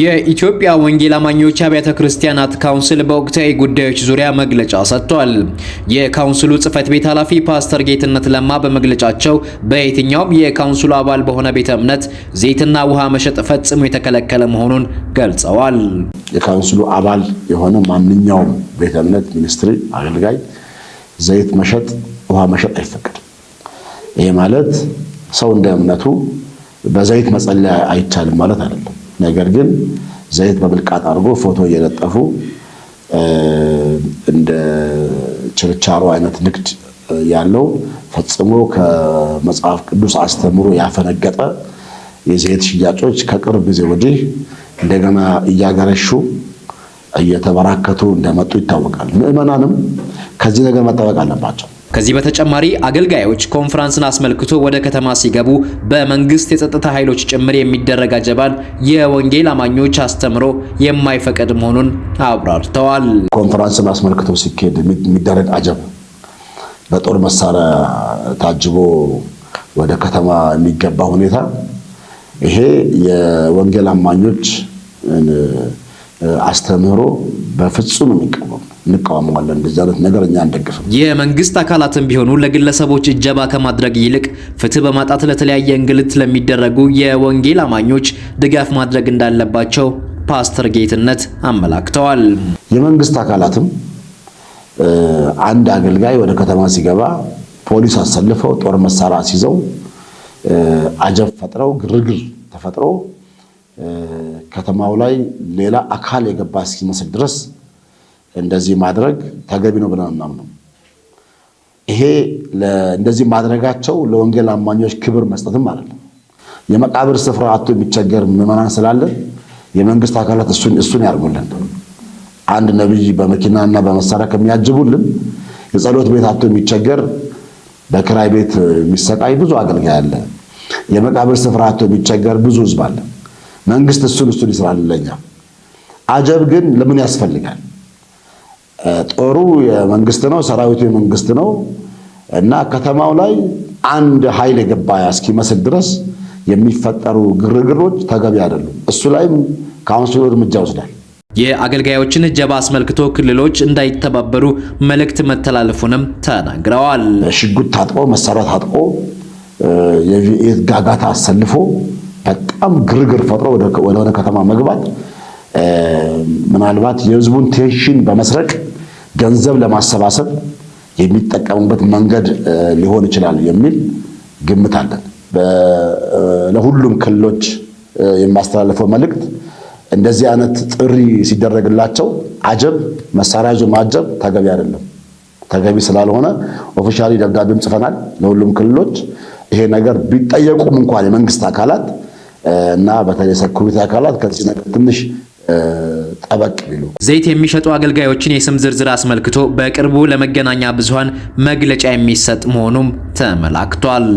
የኢትዮጵያ ወንጌል አማኞች አብያተ ክርስቲያናት ካውንስል በወቅታዊ ጉዳዮች ዙሪያ መግለጫ ሰጥቷል። የካውንስሉ ጽህፈት ቤት ኃላፊ ፓስተር ጌትነት ለማ በመግለጫቸው በየትኛውም የካውንስሉ አባል በሆነ ቤተ እምነት ዘይትና ውሃ መሸጥ ፈጽሞ የተከለከለ መሆኑን ገልጸዋል። የካውንስሉ አባል የሆነ ማንኛውም ቤተ እምነት፣ ሚኒስትሪ፣ አገልጋይ ዘይት መሸጥ፣ ውሃ መሸጥ አይፈቀድም። ይሄ ማለት ሰው እንደ እምነቱ በዘይት መጸለያ አይቻልም ማለት አይደለም። ነገር ግን ዘይት በብልቃጥ አድርጎ ፎቶ እየለጠፉ እንደ ችርቻሮ አይነት ንግድ ያለው ፈጽሞ ከመጽሐፍ ቅዱስ አስተምሮ ያፈነገጠ የዘይት ሽያጮች ከቅርብ ጊዜ ወዲህ እንደገና እያገረሹ እየተበራከቱ እንደመጡ ይታወቃል። ምዕመናንም ከዚህ ነገር መጠበቅ አለባቸው። ከዚህ በተጨማሪ አገልጋዮች ኮንፈረንስን አስመልክቶ ወደ ከተማ ሲገቡ በመንግስት የጸጥታ ኃይሎች ጭምር የሚደረግ አጀባን የወንጌል አማኞች አስተምሮ የማይፈቀድ መሆኑን አብራርተዋል። ኮንፈረንስን አስመልክቶ ሲካሄድ የሚደረግ አጀብ በጦር መሳሪያ ታጅቦ ወደ ከተማ የሚገባ ሁኔታ ይሄ የወንጌል አማኞች አስተምህሮ በፍጹም የሚቀ እንቃወመዋለን። እንደዚህ አይነት ነገር እኛ አንደግፍም። የመንግስት አካላትም ቢሆኑ ለግለሰቦች እጀባ ከማድረግ ይልቅ ፍትህ በማጣት ለተለያየ እንግልት ለሚደረጉ የወንጌል አማኞች ድጋፍ ማድረግ እንዳለባቸው ፓስተር ጌትነት አመላክተዋል። የመንግስት አካላትም አንድ አገልጋይ ወደ ከተማ ሲገባ ፖሊስ አሰልፈው ጦር መሳሪያ ሲዘው አጀብ ፈጥረው ግርግር ተፈጥሮ ከተማው ላይ ሌላ አካል የገባ እስኪመስል ድረስ እንደዚህ ማድረግ ተገቢ ነው ብለን አናምንም። ይሄ እንደዚህ ማድረጋቸው ለወንጌል አማኞች ክብር መስጠትም ማለት ነው። የመቃብር ስፍራ አቶ የሚቸገር ምዕመናን ስላለን የመንግስት አካላት እሱን ያርጉልን። አንድ ነቢይ በመኪናና በመሳሪያ ከሚያጅቡልን የጸሎት ቤት አቶ የሚቸገር በክራይ ቤት የሚሰቃይ ብዙ አገልጋይ አለ። የመቃብር ስፍራ አቶ የሚቸገር ብዙ ህዝብ አለ። መንግስት እሱን እሱን ይስራልለኛ። አጀብ ግን ለምን ያስፈልጋል? ጦሩ የመንግስት ነው፣ ሰራዊቱ የመንግስት ነው እና ከተማው ላይ አንድ ኃይል የገባ እስኪመስል ድረስ የሚፈጠሩ ግርግሮች ተገቢ አይደሉም። እሱ ላይም ካውንስሉ እርምጃ ወስዳል። የአገልጋዮችን እጀባ አስመልክቶ ክልሎች እንዳይተባበሩ መልእክት መተላለፉንም ተናግረዋል። ሽጉጥ ታጥቆ መሳሪያ ታጥቆ የጋጋታ አሰልፎ በጣም ግርግር ፈጥሮ ወደሆነ ከተማ መግባት ምናልባት የህዝቡን ቴንሽን በመስረቅ ገንዘብ ለማሰባሰብ የሚጠቀሙበት መንገድ ሊሆን ይችላል የሚል ግምት አለን። ለሁሉም ክልሎች የሚያስተላልፈው መልእክት እንደዚህ አይነት ጥሪ ሲደረግላቸው አጀብ መሳሪያ ይዞ ማጀብ ተገቢ አይደለም። ተገቢ ስላልሆነ ኦፊሻሊ ደብዳቤም ጽፈናል ለሁሉም ክልሎች። ይሄ ነገር ቢጠየቁም እንኳን የመንግስት አካላት እና በተለይ ሰኩሪቲ አካላት ከዚህ ነገር ትንሽ ጠበቅ ቢሉ። ዘይት የሚሸጡ አገልጋዮችን የስም ዝርዝር አስመልክቶ በቅርቡ ለመገናኛ ብዙሃን መግለጫ የሚሰጥ መሆኑም ተመላክቷል።